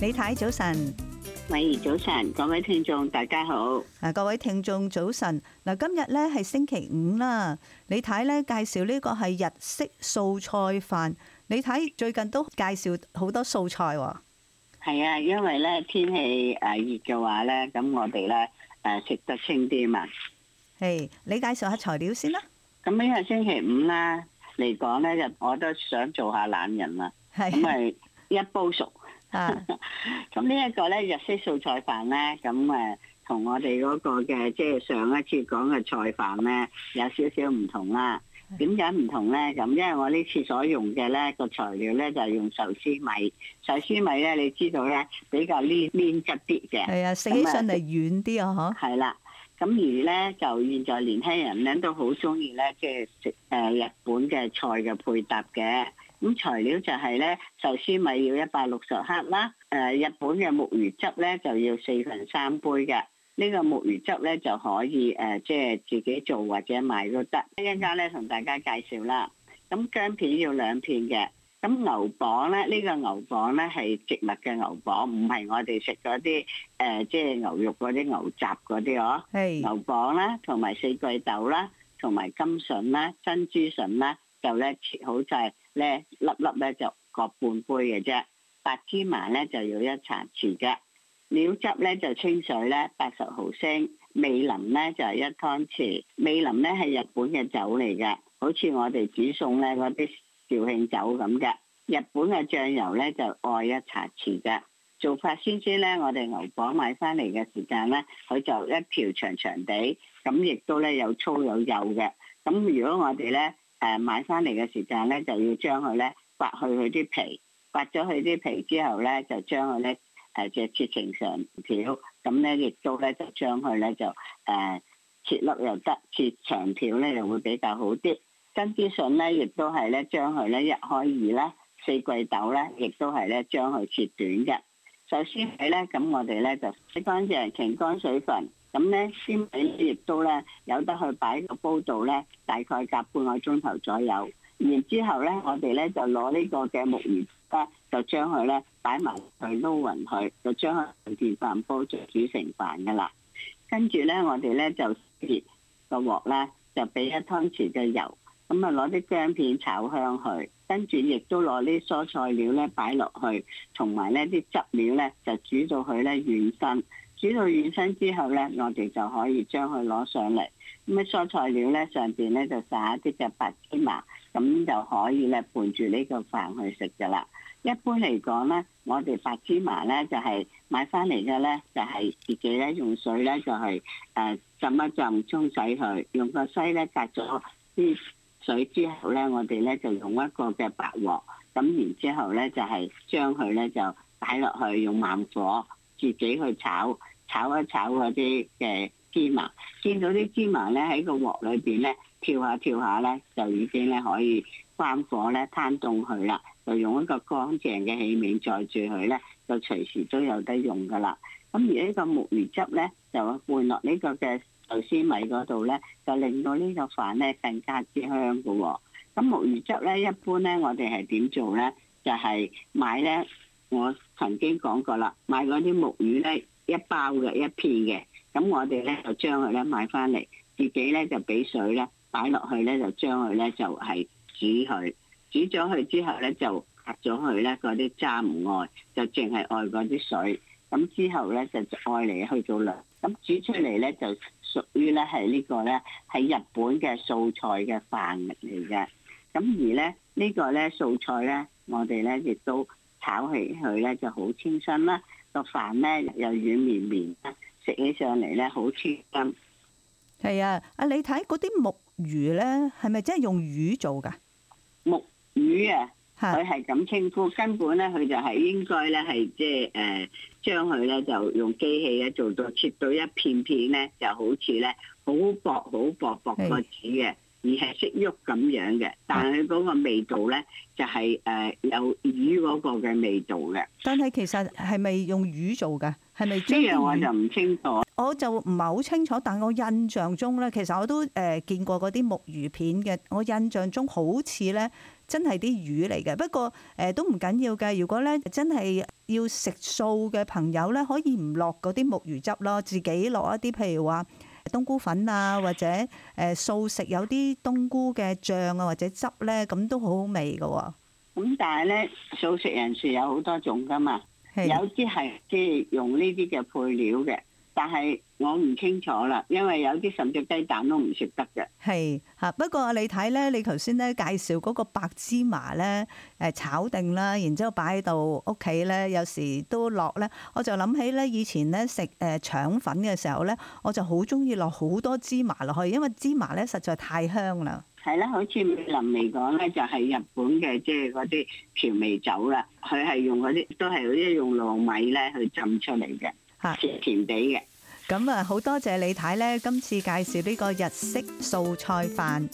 李太早晨，美儀早晨，各位聽眾大家好。嗱，各位聽眾早晨。嗱，今日咧係星期五啦。李太咧介紹呢個係日式素菜飯。李太最近都介紹好多素菜喎。係啊，因為咧天氣誒熱嘅話咧，咁我哋咧誒食得清啲啊嘛。係，你介紹下材料先啦。咁呢個星期五啦嚟講咧，我都想做下懶人啦。係。因為一煲熟。咁呢一個咧日式素菜飯咧，咁誒同我哋嗰個嘅即係上一次講嘅菜飯咧有少少唔同啦。點解唔同咧？咁因為我呢次所用嘅咧個材料咧就係用壽司米，壽司米咧你知道咧比較黏黏質啲嘅，係啊，食起上嚟就軟啲啊，嗬麼。係啦，咁而咧就現在年輕人咧都好中意咧即係食誒日本嘅菜嘅配搭嘅。咁材料就係咧，壽司米要一百六十克啦。誒、呃，日本嘅木魚汁咧就要四份三杯嘅。呢、這個木魚汁咧就可以誒，即、呃、係自己做或者買都得。一陣間咧同大家介紹啦。咁薑片要兩片嘅。咁牛蒡咧，呢、這個牛蒡咧係植物嘅牛蒡，唔係我哋食嗰啲誒，即係牛肉嗰啲牛雜嗰啲哦。係是。牛蒡啦，同埋四季豆啦，同埋甘筍啦，珍珠筍啦。就咧切好曬咧粒粒咧就各半杯嘅啫，白芝麻咧就要一茶匙嘅。料汁咧就清水咧八十毫升，味淋咧就係一湯匙。味淋咧係日本嘅酒嚟嘅，好似我哋煮餸咧嗰啲紹興酒咁嘅，日本嘅醬油咧就愛一茶匙嘅。做法先知咧，我哋牛蒡買翻嚟嘅時間咧，佢就一條長長地咁，亦都咧有粗有幼嘅咁。如果我哋咧～誒、啊、買翻嚟嘅時間咧，就要將佢咧刮去佢啲皮，刮咗佢啲皮之後咧，就將佢咧誒嘅切成長條，咁咧亦都咧就將佢咧就誒、呃、切粒又得，切長條咧又會比較好啲。珍珠筍咧，亦都係咧將佢咧一開二咧，四季豆咧，亦都係咧將佢切短嘅。首先係咧，咁我哋咧就洗乾淨，乾乾水分。咁咧先俾液都咧有得去擺個煲度咧，大概隔半個鐘頭左右。然之後咧，我哋咧就攞呢個嘅木魚汁，就將佢咧擺埋去撈勻佢就將佢電飯煲就煮成飯噶啦。跟住咧，我哋咧就切個鑊咧，就俾一湯匙嘅油，咁啊，攞啲薑片炒香佢。跟住亦都攞啲蔬菜料咧擺落去，同埋咧啲汁料咧就煮到佢咧軟身。煮到軟身之後咧，我哋就可以將佢攞上嚟。咁啊，蔬菜料咧上邊咧就撒一啲嘅白芝麻，咁就可以咧伴住呢個飯去食㗎喇。一般嚟講咧，我哋白芝麻咧就係買翻嚟嘅咧，就係自己咧用水咧就係誒浸一浸，沖洗佢。用個篩咧隔咗啲水之後咧，我哋咧就用一個嘅白鑊，咁然之後咧就係將佢咧就擺落去用慢火。自己去炒炒一炒嗰啲嘅芝麻，見到啲芝麻咧喺個鑊裏邊咧跳下跳下咧，就已經咧可以關火咧攤凍佢啦。就用一個乾淨嘅器皿載住佢咧，就隨時都有得用噶啦。咁而呢個木魚汁咧，就換落呢個嘅壽司米嗰度咧，就令到呢個飯咧更加之香噶喎。咁木魚汁咧，一般咧我哋係點做咧？就係、是、買咧。我曾經講過啦，買嗰啲木魚咧，一包嘅一片嘅，咁我哋咧就將佢咧買翻嚟，自己咧就俾水咧擺落去咧，就將佢咧就係煮佢，煮咗佢之後咧就吸咗佢咧，嗰啲渣唔愛，就淨係愛嗰啲水。咁之後咧就再嚟去做糧。咁煮出嚟咧就屬於咧係呢個咧係日本嘅素菜嘅飯嚟嘅。咁而咧呢個咧素菜咧，我哋咧亦都。炒起佢咧就好清新啦，個飯咧又軟綿綿，食起上嚟咧好清新。係啊，阿你睇嗰啲木魚咧，係咪真係用魚做噶？木魚啊，佢係咁稱呼，是根本咧佢就係應該咧係即係誒，將佢咧就用機器咧做到切到一片片咧，就好似咧好薄好薄薄個紙嘅。而係識喐咁樣嘅，但係嗰個味道咧就係誒有魚嗰個嘅味道嘅。但係其實係咪用魚做嘅？係咪？啲人我就唔清楚。我就唔係好清楚，但係我印象中咧，其實我都誒見過嗰啲木魚片嘅。我印象中好似咧真係啲魚嚟嘅。不過誒都唔緊要嘅。如果咧真係要食素嘅朋友咧，可以唔落嗰啲木魚汁咯，自己落一啲譬如話。冬菇粉啊，或者誒素食有啲冬菇嘅醬啊，或者汁咧，咁都好好味噶。咁但係咧，素食人士有好多種噶嘛，有啲係即係用呢啲嘅配料嘅。但係我唔清楚啦，因為有啲甚至雞蛋都唔食得嘅。係嚇，不過你睇咧，你頭先咧介紹嗰個白芝麻咧，誒炒定啦，然之後擺喺度屋企咧，有時都落咧，我就諗起咧以前咧食誒腸粉嘅時候咧，我就好中意落好多芝麻落去，因為芝麻咧實在太香啦。係啦，好似美林嚟講咧，就係日本嘅，即係嗰啲調味酒啦，佢係用嗰啲都係嗰啲用糯米咧去浸出嚟嘅。甜甜地嘅，咁啊好多謝李太呢。今次介紹呢個日式素菜飯。